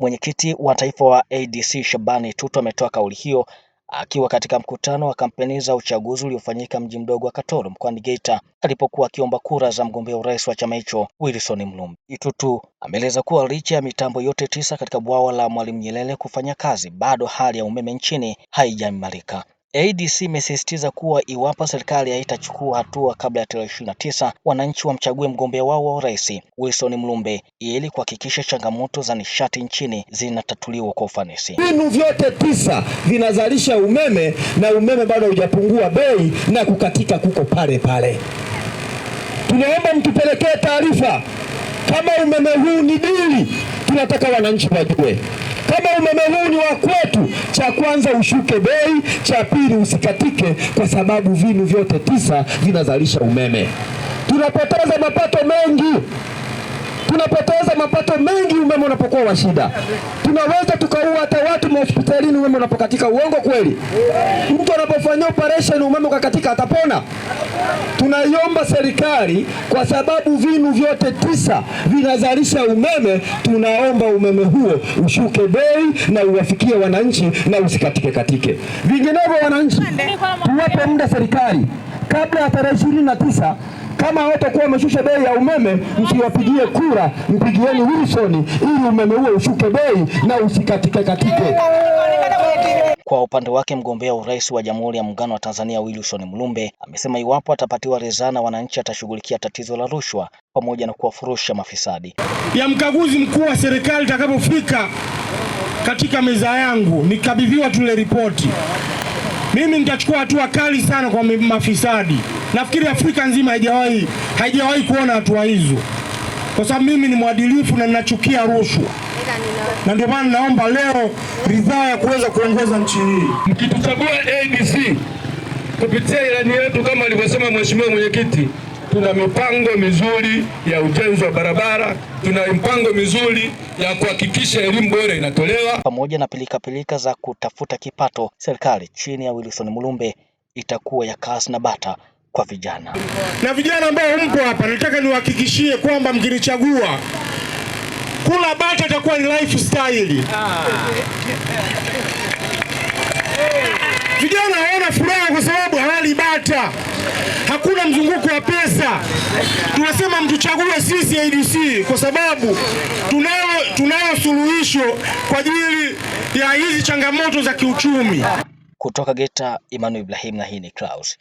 Mwenyekiti wa taifa wa ADC Shabani Tutu ametoa kauli hiyo akiwa katika mkutano wa kampeni za uchaguzi uliofanyika mji mdogo wa Katoro mkoani Geita alipokuwa akiomba kura za mgombea urais wa chama hicho Wilson Mlumbi. Itutu ameeleza kuwa licha ya mitambo yote tisa katika bwawa la Mwalimu Nyerere kufanya kazi bado hali ya umeme nchini haijaimarika. ADC imesisitiza kuwa iwapo serikali haitachukua hatua kabla ya tarehe ishirini na tisa, wananchi wamchague mgombea wao wa urais Wilson mlumbe ili kuhakikisha changamoto za nishati nchini zinatatuliwa kwa ufanisi. Vinu vyote tisa vinazalisha umeme na umeme bado haujapungua bei na kukatika kuko pale pale. Tunaomba mtupelekee taarifa kama umeme huu ni dili, tunataka wananchi wajue. Kama umeme huu ni wa kwetu, cha kwanza ushuke bei, cha pili usikatike, kwa sababu vinu vyote tisa vinazalisha umeme. Tunapoteza mapato mengi, tunapoteza mapato mengi umeme utakuwa wa shida. Tunaweza tukaua hata watu mahospitalini umeme unapokatika. Uongo kweli? Mtu anapofanyia operation umeme ukakatika, atapona? Tunaiomba serikali, kwa sababu vinu vyote tisa vinazalisha umeme, tunaomba umeme huo ushuke bei na uwafikie wananchi na usikatike katike, vinginevyo wananchi, tuwape muda serikali kabla ya tarehe ishirini na tisa kama hawatakuwa wameshusha bei ya umeme, msiwapigie kura, mpigieni Wilson ili umeme huo ushuke bei na usikatike katike. Kwa upande wake mgombea urais wa Jamhuri ya Muungano wa Tanzania Wilson Mulumbe amesema iwapo atapatiwa ridhaa na wananchi atashughulikia tatizo la rushwa pamoja na kuwafurusha mafisadi. ya mkaguzi mkuu wa serikali itakapofika katika meza yangu nikabidhiwa tule ripoti, mimi nitachukua hatua kali sana kwa mafisadi. Nafikiri Afrika nzima haijawahi haijawahi kuona hatua hizo, kwa sababu mimi ni mwadilifu na ninachukia rushwa, na ndio maana naomba leo ridhaa ya kuweza kuongoza nchi hii. Mkituchagua abc kupitia ilani yetu, kama alivyosema mheshimiwa mwenyekiti, tuna mipango mizuri ya ujenzi wa barabara, tuna mipango mizuri ya kuhakikisha elimu bora inatolewa, pamoja na pilikapilika za kutafuta kipato. Serikali chini ya Wilson Mulumbe itakuwa ya kasi na bata kwa vijana. Na vijana ambao mpo hapa, nataka niwahakikishie kwamba mkinichagua kula bata itakuwa ni lifestyle. Vijana hawana furaha kwa sababu hawali bata, hakuna mzunguko wa pesa. Tunasema mtuchague sisi ADC kwa sababu tunayo, tunayo suluhisho kwa ajili ya hizi changamoto za kiuchumi. Kutoka Geita, Imanu Ibrahim, na hii ni Clouds.